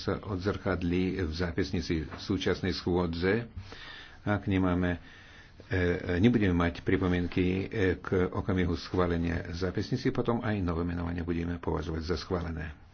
sa odzrkadlí v zápisnici súčasnej schôdze. Ak nemáme, e, nebudeme mať pripomienky e, k okamihu schválenia zápisnici, potom aj nové menovanie budeme považovať za schválené.